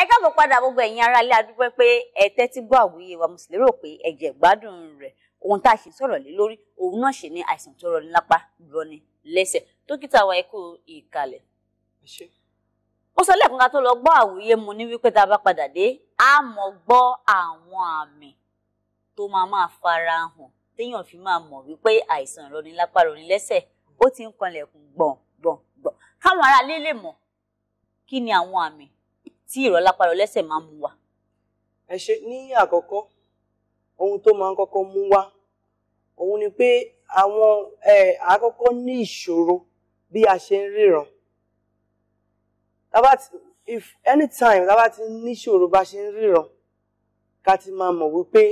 ẹ káàbọ̀ padà gbogbo ẹ̀yin ará ilé adúpẹ́ pé ẹ tẹ́tí gbọ́ àwòye wa mo sì lérò pé ẹ jẹ́ gbádùn rẹ̀ ohun tá a ṣe sọ̀rọ̀ lé lórí òun náà ṣe ní àìsàn tó rọni lápá rọni lẹ́sẹ̀ dókítà wa ẹ ìkàlẹ̀. mo sọ lẹ́ẹ̀kan ká tó lọ gbọ́ àwòye mo ní wípé tá a bá padà dé a mọ̀ gbọ́ àwọn àmì tó máa máa fara hàn téèyàn fi máa mọ̀ wípé àìsàn rọni lápá rọni lẹ́sẹ̀ ó ti ń kanlẹ̀kùn gbọ̀ngbọ̀ngbọ̀n káwọn ará lè mọ̀ kí ni àwọn àmì tí ìrọ̀ lápárọ̀ lẹ́sẹ̀ máa ń mú wa. ẹ ṣe ní àkọ́kọ́ ohun tó máa ń kọ́kọ́ mú wa òun ni pé àwọn àkọ́kọ́ ní ìṣòro bí a ṣe ń ríran if anytime tábà ti níṣòro bá ṣe ń ríran ká ti máa mọ̀ wípé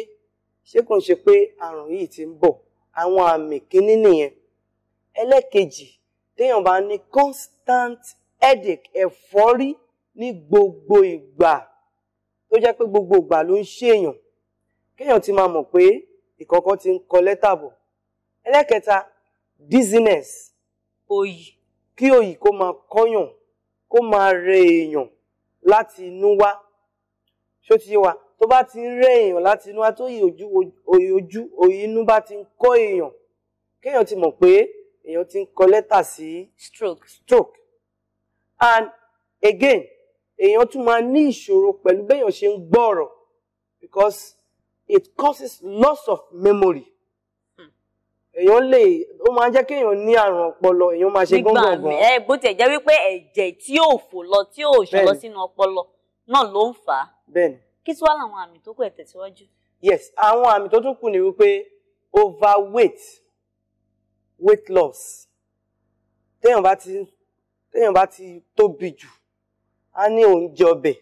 ṣé kò ń ṣe pé àrùn yìí ti ń bọ̀ àwọn àmì kínní nìyẹn ẹlẹ́ẹ̀kejì téèyàn bá ní constant headache ẹ̀fọ́rí. E ní gbogbo ìgbà tó jẹ́ pé gbogbo ìgbà ló ń ṣèyàn kéèyàn ti máa mọ̀ pé ìkọ̀kọ̀ ti ń kọ lẹ́tà bọ̀ ẹlẹ́kẹta dizziness òyì kí òyì kó máa kọ́yàn kó máa rẹ èèyàn láti inú wá ṣó ti yé wa tó bá ti ń rẹ èèyàn láti inú wá tó yí ojú ojú òyì inú bá ti ń kọ́ èèyàn kéèyàn ti mọ̀ pé èèyàn ti ń kọ lẹ́tà sí stroke stroke and again èèyàn tún máa ní ìṣòro pẹ̀lú béèyàn ṣe ń gbọ́ ọ̀rọ̀ because it causes loss of memory hmm. èèyàn lè ó máa jẹ́ kéèyàn ní àrùn ọpọlọ èèyàn máa ṣe gbọ́ngbọ̀ngbọ̀n. nígbà mi bó tiẹ̀ jẹ́ wípé ẹ̀jẹ̀ tí ò fò lọ tí ò ṣàn lọ sínú ọpọlọ náà ló ń fà á. bẹ́ẹ̀ni. kí tí wàá làwọn àmì tó kù ẹ̀ tẹ̀síwájú. yes àwọn àmì tó tún kù ni wípé overweight weight loss téèyàn bá ti téèyàn bá ti tóbi jù á ní òun jẹ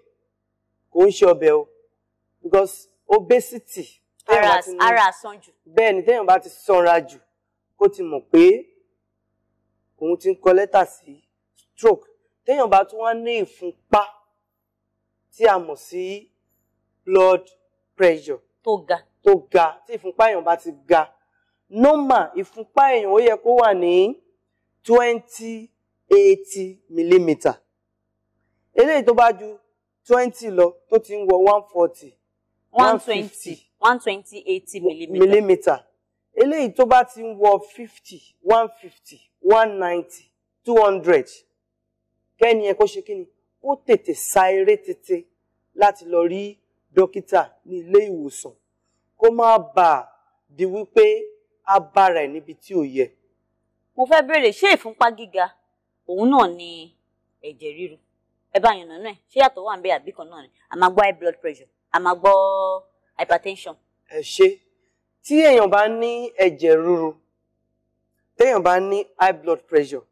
kò ń ṣe ọbẹ̀ o because obesity. ara ara àsan jù. bẹ́ẹ̀ ni téèyàn bá ti sanra jù kó ti mọ̀ pé òun ti ń kọ lẹ́tà sí stroke téèyàn bá tún wá ní ìfúnpá tí a mọ̀ sí blood pressure. tó ga. tó ga tí ìfúnpá èèyàn bá ti ga normal ìfúnpá èèyàn ó yẹ kó wà ní twenty eighty millimetre eléyìí tó bá ju twenty lọ tó ti ń wọ one forty one twenty one twenty eighty millimeter eléyìí tó bá ti ń wọ fifty one fifty one ninety two hundred kẹ́ni ẹ̀ kó ṣe kí ni ó tètè sa eré tètè láti lọ rí dókítà ní ilé ìwòsàn kó má bàa di wípé a bára ẹ̀ níbi tí ò yẹ. mo fẹ́ béèrè ṣé ìfúnpá gíga òun náà ni ẹ̀jẹ̀ ríru ẹ bá yàn nànú ẹ ṣé yàtọ̀ wà ń bẹ àbí kan náà ni a máa gbọ́ high blood pressure a máa gbọ́ hypertension. ẹ ṣe tí èèyàn bá ní ẹ̀jẹ̀ ríru téèyàn bá ní high blood pressure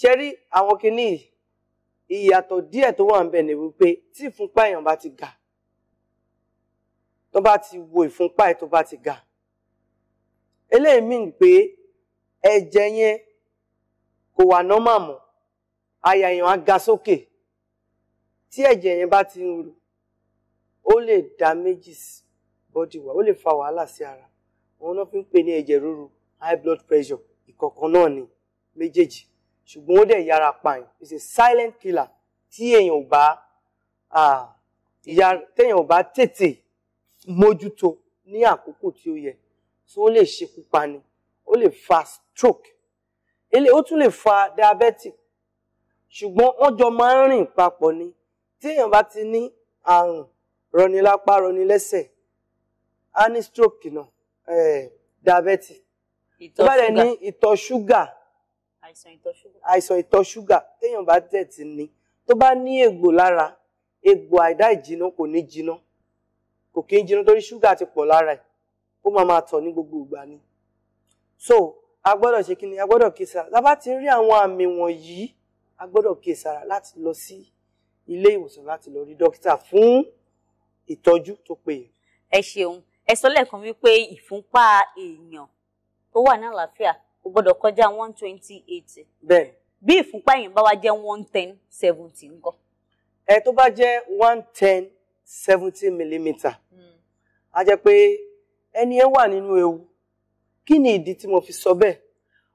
ṣe rí àwọn kinní ìyàtọ̀ díẹ̀ tó wà ń bẹ ni wípé tí ìfúnpá èèyàn bá ti ga tó bá ti wo ìfúnpá ẹ̀ tó bá ti ga eléyìí mìn pé ẹ̀jẹ̀ yẹn kò wà nọ́mà mọ́ àyà èèyàn á ga sókè. So tí ẹ̀jẹ̀ yẹn bá ti ń ru ó lè damage body wa ó lè fa wàhálà sí ara òun náà fi ń pè ní ẹ̀jẹ̀ ríru high blood pressure ìkọ̀kan náà ni méjèèjì ṣùgbọ́n ó dẹ̀ yára pààyàn it's a silent killer tí èèyàn ò bá téèyàn ò bá tètè mójútó ní àkókò tí ó yẹ tí ó lè ṣekú pani ó lè fa stroke ó tún lè fa diabetic ṣùgbọ́n wọ́n jọ máa ń rìn papọ̀ ni téèyàn bá ti ní àrùn rọni lápá rọni lẹ́sẹ̀ á ní stroke náà eh, dàbẹ́tì tó bá dẹ̀ ní ìtọ̀ ṣúgà àìsàn ìtọ̀ ṣúgà téèyàn bá tẹ̀ ti ní tó bá ní egbò lára egbò àìdá ìjìnà kò ní jiná kò kí ń jiná torí ṣúgà ti pọ̀ lára ẹ̀ ó máa máa tọ̀ ní gbogbo ìgbà ni so a gbọ́dọ̀ ṣe kí ni a gbọ́dọ̀ kíyèsára tá bá ti rí àwọn àmì wọ̀nyí a gbọ́dọ̀ kíyèsára láti lọ sí ilé ìwòsàn láti lọ rí dókítà fún ìtọ́jú tó péye. ẹ ṣeun ẹ sọ lẹ́ẹ̀kan wípé ìfúnpá èèyàn tó wà ní àlàáfíà kò gbọ́dọ̀ kọjá one twenty eighty. bẹ́ẹ̀. bí ìfúnpá èèyàn bá wá jẹ́ one ten seventy ńkọ́. ẹ tó bá jẹ́ one ten seventy millimeter hmm. a jẹ́ pé ẹni ẹ wà nínú ewu kí ni ìdí tí mo fi sọ bẹ́ẹ̀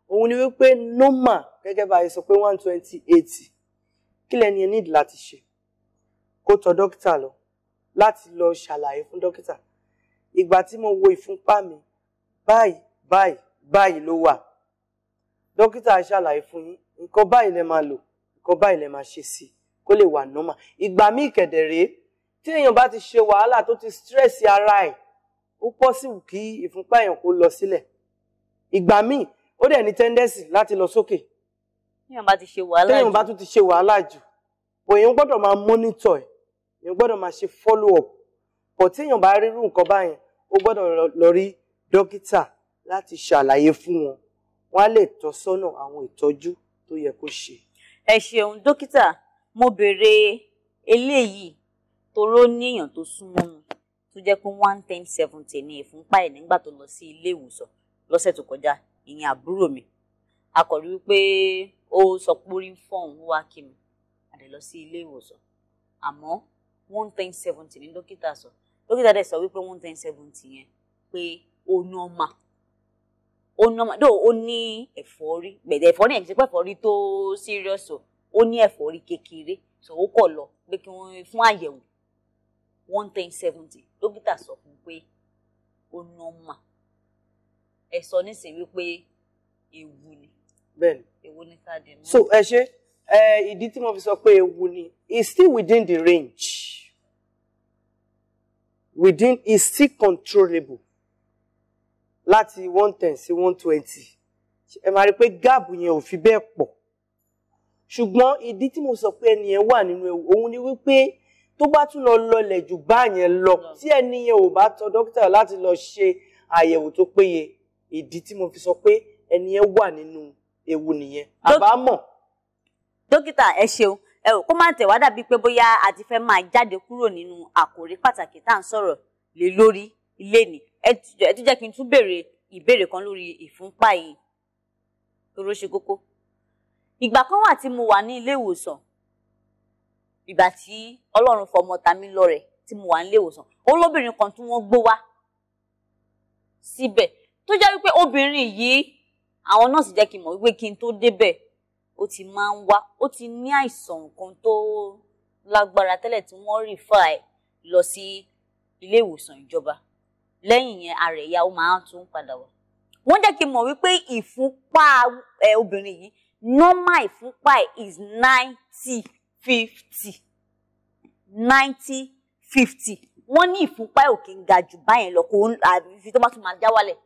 òun ni wípé normal gẹ́gẹ́ bá a sọ pé one twenty eighty kí lẹni ẹ nídìí láti ṣe kó tọ̀ dókítà lọ láti lọ ṣàlàyé fún dókítà ìgbà tí mo wo ìfúnpá mi báyìí báyìí báyìí ló wà dókítà ṣàlàyé fún yín nǹkan báyìí lẹ máa lò nǹkan báyìí lẹ máa ṣe sí kó lè wà nọ́mà ìgbà míì kẹ̀dẹ̀ tí èèyàn bá ti ṣe wàhálà tó ti stress ara ẹ̀ ó pọ̀ sí kí ìfúnpá èèyàn kó lọ sílẹ̀ ìgbà míì ó dẹ̀ ní tẹ́ndẹ́sì láti lọ sókè téèyàn bá ti ṣe wàhálà jù téèyàn bá tún ti ṣe wàhálà jù èèyàn gbọ́dọ̀ máa mọ́nítọ̀ ẹ̀ èèyàn gbọ́dọ̀ máa ṣe follow up bò téèyàn bá rírú nǹkan báyẹn ó gbọ́dọ̀ lọ rí dókítà láti ṣàlàyé fún wọn wọn á lè tọ́ sọ́nà àwọn ìtọ́jú tó yẹ kó ṣe. ẹ ṣeun dókítà mo béèrè eléyìí toró ní èèyàn tó súnmọ́ mi tó jẹ́ pé one ten seventy ní ìfúnpá ẹ̀ nígbà tó lọ sí ilé ìwòsàn lọ́sẹ̀ tó kọjá ìyẹn àbúrò mi a kò ó sọ pé orí ń fọ́ òun wá kí mi àdè lọ sí ilé ìwòsàn àmọ́ one ten seventy ní dókítà sọ dókítà dẹ̀ sọ wípé one ten seventy yẹn pé ó nọ́mà ó nọ́mà dó ó ní ẹ̀fọ́rí gbẹ̀dẹ̀ ẹ̀fọ́rí yẹn kì í ṣe pé ẹ̀fọ́rí tó serious o ó ní ẹ̀fọ́rí kékeré sọ ó kọ̀ lọ pé kí wọ́n fún àyẹ̀wò one ten seventy dókítà sọ fún pé ó nọ́mà ẹ sọ nísìnyí wípé ewu ni bẹ́ẹ̀ni. so ẹ ṣe ìdí tí mo fi sọ pé ewu ni it's still within the range within it's still controllable láti one ten sí one twenty ẹ máa rí i pé gáàbù yẹn ò fi bẹ́ẹ̀ pọ̀ ṣùgbọ́n ìdí tí mo sọ pé ẹni yẹn wà nínú ewu òun ni wípé tó bá tún lọ lọlẹ̀ jù báyẹn lọ tí ẹni yẹn ò bá tọ̀ dókítà láti lọ ṣe àyẹ̀wò tó péye ìdí tí mo fi sọ pé ẹni yẹn wà nínú ewu nìyẹn àbámọ̀. dókítà ẹ ṣeun ẹ ò kó má tẹ̀ wá dàbí pé bóyá a ti fẹ́ máa jáde kúrò nínú àkòrí pàtàkì tá à ń sọ̀rọ̀ lé lórí ilé ni ẹ tún jẹ́ kí n tún béèrè ìbéèrè kan lórí ìfúnpá yìí tóró ṣe kókó ìgbà kan wà tí mo wà ní ilé ìwòsàn ìgbà tí Ọlọ́run fọmọ tami lọ́rẹ tí mo wà ní ilé ìwòsàn olóbìnrin kan tí wọ́n gbó wá síbẹ̀ tó jẹ́ wípé obìnrin yìí àwọn nọ́ọ̀sì jẹ́ kí n mọ̀ wípé kí n tó débẹ̀ ó ti máa ń wá ó ti ní àìsàn kan tó lágbára tẹ́lẹ̀ tí wọ́n rí fà ẹ̀ lọ sí ilé ìwòsàn ìjọba lẹ́yìn yẹn ara ẹ̀yà ó máa tún padà wá. wọ́n jẹ́ kí n mọ̀ wípé ìfúnpá ẹ̀ obìnrin yìí normal ìfúnpá ẹ̀ is ninety fifty ninety fifty wọ́n ní ìfúnpá ẹ̀ ò kí ń ga jù báyẹn lọ kó àfi tó bá tún máa já wálẹ̀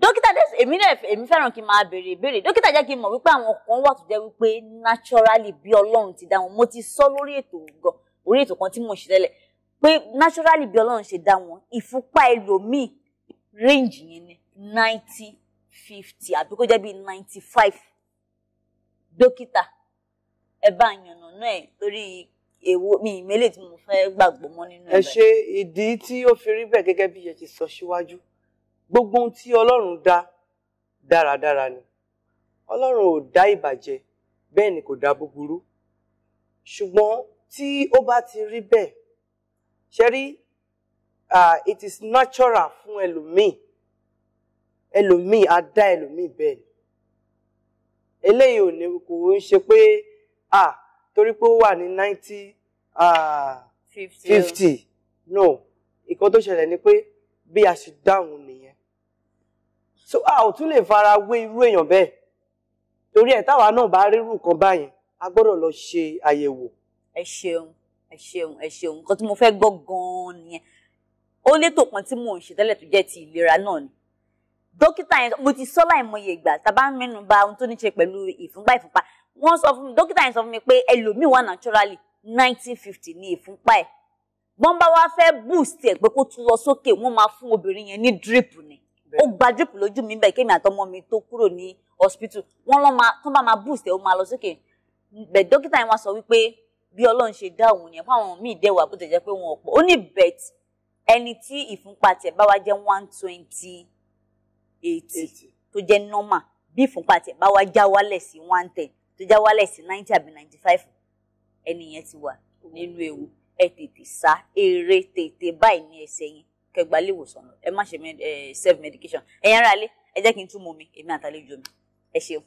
dókítà dẹ́sẹ̀ èmi náà èmi fẹ́ràn kí n máa béèrè ìbéèrè dókítà jẹ́ kí n mọ̀ wípé àwọn kan wà tó jẹ́ wípé naturally bí ọlọ́run ti dá wọn mo ti sọ lórí ètò gan orí ètò kan tí mo ṣe tẹ́lẹ̀ pé naturally bí ọlọ́run ṣe dá wọn ìfúnpá ẹlòmíì range yẹn ni ninety fifty àbí kó jẹ́ bíi ninety five dókítà ẹ bá yànnà náà ẹ torí èwo mi ìmẹ́lẹ̀ tí mo fẹ́ gbàgbọ́ mọ́ nínú ẹ̀. ẹ ṣe ìdí tí ó fi rí bẹ́ẹ̀ gẹ́gẹ́ bí ẹ ti sọ síwájú gbogbo ohun tí ọlọ́run dá dáradára ni ọlọ́run ò dá ìbàjẹ́ bẹ́ẹ̀ ni kò dá búburú ṣùgbọ́n tí ó bá ti rí bẹ́ẹ̀ ṣe rí it is natural fún ẹlòmíì ẹlòmíì á dá ẹlòmíì bẹ́ẹ̀ ni eléyìí ò ní kò ń ṣe pé ah torí pé ó wà ní ninety fifty no nǹkan tó ṣẹlẹ̀ ni pé bí a ṣe dáhùn nìyẹn so a ò tún lè fara wé irú èèyàn bẹ́ẹ̀ torí ẹ̀ táwa náà bá rírù kan báyẹn a gbọ́dọ̀ lọ ṣe àyẹ̀wò. ẹ ṣeun ẹ ṣeun ẹ ṣeun nǹkan tí mo fẹ́ gbọ́ gan-an nìyẹn ó létò kan tí mò ń ṣe tẹ́lẹ̀ tó jẹ́ ti ìlera náà ni dókítà yẹn mo ti sọ láìmọye ìgbà tàbá ń mẹ́nu bà ohun tó ní ṣe pẹ̀lú ìfúnpá ìfúnpá wọ́n sọ fún mi dókítà yẹn sọ fún mi pé ẹlòmíì wà naturally nineteen fifty ní ìfúnpá ẹ̀ wọ́n bá fẹ́ boost ẹ̀ pé kó tún lọ sókè wọ́n máa fún obìnrin yẹn ní drip ni ó gba drip lójú mi bẹ́ẹ̀ kémi àtọmọ mi tó kúrò ní hospital wọ́n lọ́ máa tó bá máa boost ẹ̀ ó máa lọ sókè bẹ́ẹ̀ dókítà yẹn wá sọ wípé bí ọlọ́run ṣe dá òun yẹn fáwọn míì dẹ̀wà bó tẹ̀jẹ́ pé wọn ò pọ̀ ó ní bet ẹni tí ìfúnpá tiẹ̀ bá wá jẹ́ one twenty eighty tó jẹ́ normal bí ìfúnpá tiẹ̀ bá wá já wálẹ̀ sí one ten tó já wálẹ̀ sí ninety àbí ninety five ẹni yẹn ti wà nínú ewu ẹ tètè sá eré tètè báyìí ní ẹsẹ̀ yẹn kẹgbà lè wòsàn ẹ má ṣe self medication ẹ̀yin ará ilé ẹ jẹ́ kí n tún mu mi èmi àtàlejò mi ẹ ṣeun.